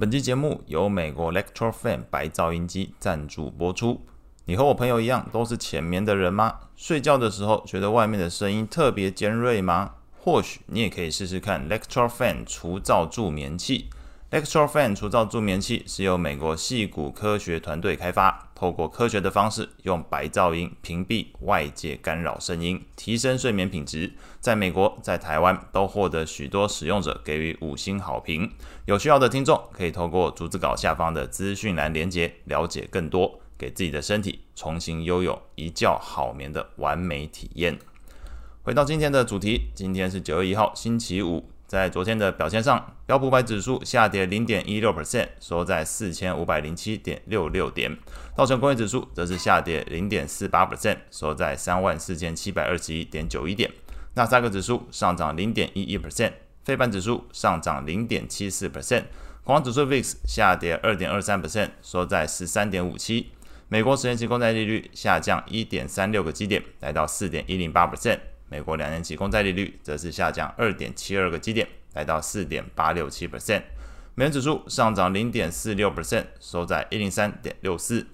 本期節目由美國 LectroFan 白噪音機贊助播出。你和我朋友一樣都是淺眠的人嗎？睡覺的時候覺得外面的聲音特別尖銳嗎？或許你也可以試試看 LectroFan 除噪助眠器。LectroFan 除噪助眠器是由美國矽谷科學團隊開發。透過科學的方式，用白噪音屏蔽外界干擾聲音，提升睡眠品質。在美國，在台灣都獲得許多使用者給予五星好評。有需要的聽眾可以透過逐字稿下方的資訊欄連結了解更多，給自己的身體重新擁有一覺好眠的完美體驗。回到今天的主題，今天是九月一號，星期五。在昨天的表現上，標普五百指數下跌零點一六%，收在四千五百零七點六六點；道瓊工業指數則是下跌零點四八%，收在三萬四千七百二十一點九一點；納斯達克指數上漲零點一一%，費半指數上漲零點七四%，恐慌指數 VIX 下跌二點二三%，收在十三點五七；美國十年期公債利率下降一點三六個基點，來到四點一零八%。美國兩年期公債利率則是下降二點七二個基點，來到四點八六七 percent。美元指數上漲零點四六 percent，收在一零三點六四。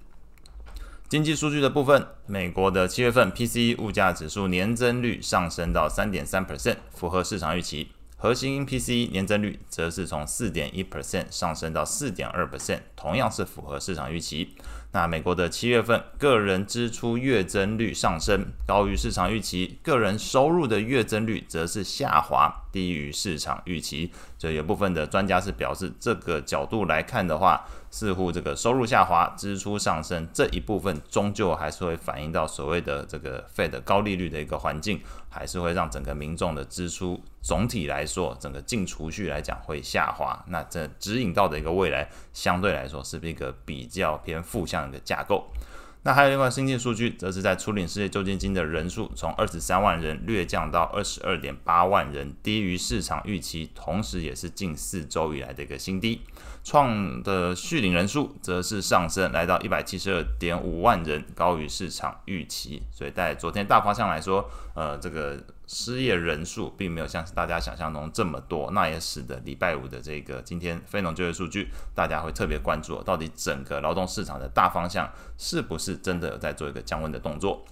經濟數據的部分，美國的七月份 PCE 物價指數年增率上升到三點三 percent，符合市場預期。核心 PCE 年增率則是從四點一 percent 上升到四點二 percent，同樣是符合市場預期。那美國的七月份個人支出月增率上升，高於市場預期；個人收入的月增率則是下滑，低於市場預期。所以，有部分的專家是表示，這個角度來看的話，似乎這個收入下滑、支出上升這一部分，終究還是會反映到所謂的這個 Fed 的高利率的一個環境，還是會讓整個民眾的支出總體來說，整個淨儲蓄來講會下滑。那這指引到的一個未來，相對來說是不是一個比較偏負向。的架構，那還有另外新建數據，則是在初領失業救濟金的人數從二十三萬人略降到二十二點八萬人，低於市場預期，同時也是近四週以來的一個新低。創的續領人數則是上升來到一百七十二點五萬人，高於市場預期。所以在昨天大方向來說，呃，這個。失業人數並沒有像是大家想象中這麼多，那也使得禮拜五的這個今天非農就業數據，大家會特別關注，到底整個勞動市場的大方向是不是真的有在做一個降溫的動作。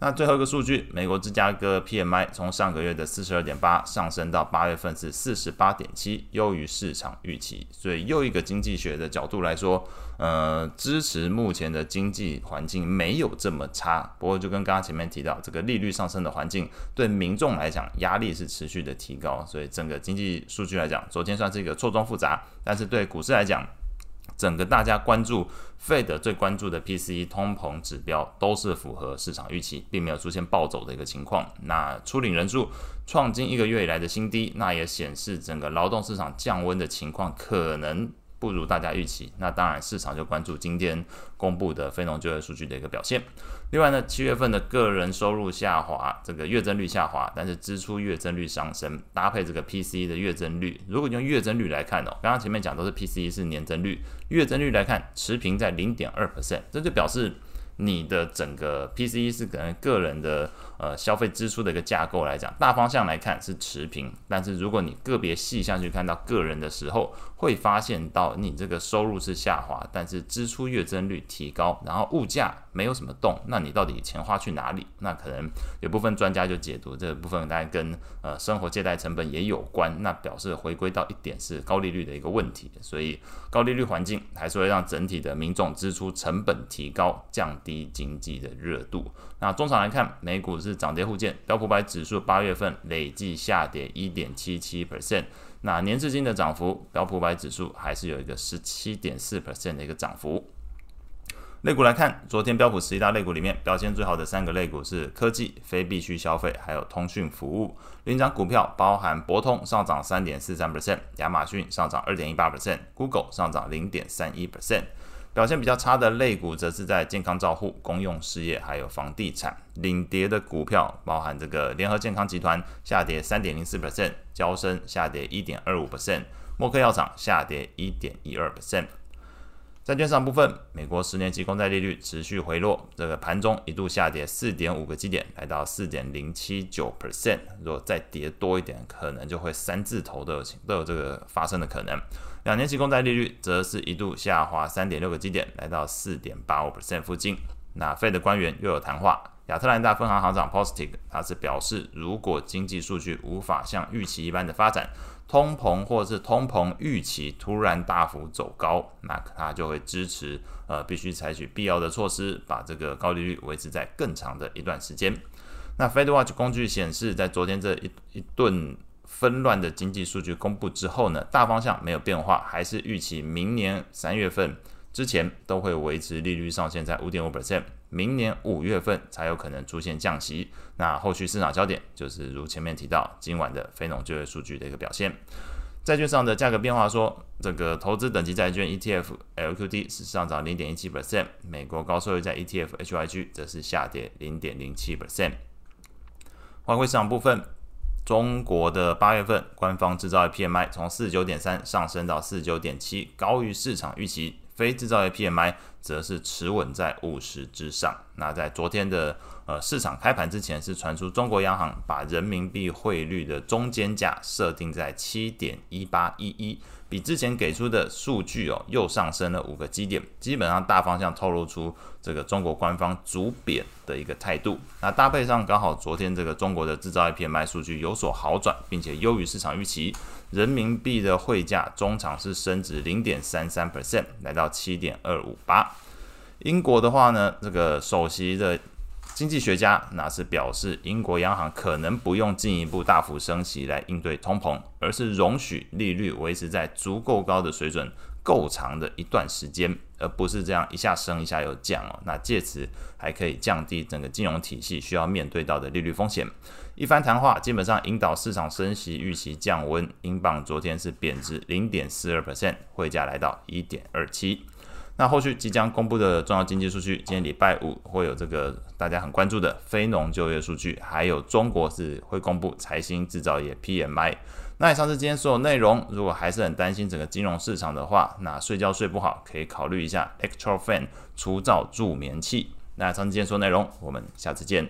那最後一個數據，美國芝加哥 PMI 從上個月的四十二點八上升到八月份是四十八點七，優於市場預期。所以又一個經濟學的角度來說，呃，支持目前的經濟環境沒有這麼差。不過就跟剛剛前面提到，這個利率上升的環境對民眾來講壓力是持續的提高。所以整個經濟數據來講，昨天算是一個錯綜複雜，但是對股市來講。整個大家關注 Fed 最關注的 PCE 通膨指標都是符合市場預期，並沒有出現暴走的一個情況。那初領人數創近一個月以來的新低，那也顯示整個勞動市場降溫的情況可能。不如大家預期，那當然市場就關注今天公布的非農就業數據的一個表現。另外呢，七月份的個人收入下滑，這個月增率下滑，但是支出月增率上升，搭配這個 PCE 的月增率，如果你用月增率來看哦，剛剛前面講都是 PCE 是年增率，月增率來看持平在零點二 percent，這就表示。你的整個 PCE 是可能個人的呃消費支出的一個架構來講，大方向來看是持平，但是如果你個別細項去看到個人的時候，會發現到你這個收入是下滑，但是支出月增率提高，然後物價沒有什麼動，那你到底錢花去哪裡？那可能有部分專家就解讀這個部分大概跟呃生活借貸成本也有關，那表示回歸到一點是高利率的一個問題，所以高利率環境還是會讓整體的民眾支出成本提高降低。低經濟的熱度。那終場來看，美股是漲跌互見，標普500指數八月份累計下跌一點七七 percent，那年至今的漲幅，標普500指數還是有一個十七點四 percent 的一個漲幅。類股來看，昨天標普十一大類股裡面表現最好的三個類股是科技、非必需消費，還有通訊服務。領漲股票包含博通上漲三點四三 percent，亞馬遜上漲二點一八 percent，Google 上漲零點三一 percent。表現比較差的類股，則是在健康照護、公用事業，還有房地產。領跌的股票，包含這個聯合健康集團下跌三點零四趴，嬌生下跌一點二五趴，默克藥廠下跌一點一二趴。債券上部分，美國十年期公債利率持續回落，這個盤中一度下跌四點五個基點，來到四點零七九 percent，若再跌多一點，可能就會三字頭都有，都有這個發生的可能。兩年期公債利率則是一度下滑三點六個基點，來到四點八五 percent 附近。那 Fed 的官員又有談話。亞特蘭大分行行長 Bostic 他是表示，如果經濟數據無法像預期一般的發展，通膨，或是通膨預期突然大幅走高，那他就會支持呃必須採取必要的措施，把這個高利率維持在更長的一段時間。那 Fed Watch 工具顯示，在昨天這一一頓紛亂的經濟數據公布之後呢，大方向沒有變化，還是預期明年三月份之前都會維持利率上限在五點五 percent。明年五月份才有可能出現降息，那後續市場焦點就是如前面提到，今晚的非農就業數據的一個表現。債券上的價格變化說，這個投資等級債券 ETF LQD 是上漲零點一七 percent，美國高收益債 ETF HYG 則是下跌零點零七 percent。換匯市場部分，中國的八月份官方制造業 PMI 從四十九點三上升到四十九點七，高於市場預期。非製造業 PMI 則是持穩在五十之上。那在昨天的呃市場開盤之前，是傳出中國央行把人民幣匯率的中間價設定在七點一八一一，比之前給出的數據哦又上升了五個基點。基本上大方向透露出這個中國官方阻貶的一個態度。那搭配上剛好昨天這個中國的製造業 PMI 數據有所好轉，並且優於市場預期。人民幣的匯價終場是升值零點三三 percent，來到七點二五八。英國的話呢，這個首席的經濟學家那是表示，英國央行可能不用進一步大幅升息來應對通膨，而是容許利率維持在足夠高的水準。夠長的一段時間，而不是這樣一下升一下又降哦。那借此還可以降低整個金融體系需要面對到的利率風險。一番談話基本上引導市場升息預期降溫，英鎊昨天是貶值零點四二 percent，匯價來到一點二七。那後續即將公布的重要經濟數據，今天禮拜五會有這個大家很關注的非農就業數據，還有中國是會公布財新製造業 PMI。那以上是今天所有內容，如果還是很擔心整個金融市場的話，那睡覺睡不好可以考慮一下 LectroFan 除噪助眠器。那以上是今天所有內容，我們下次見。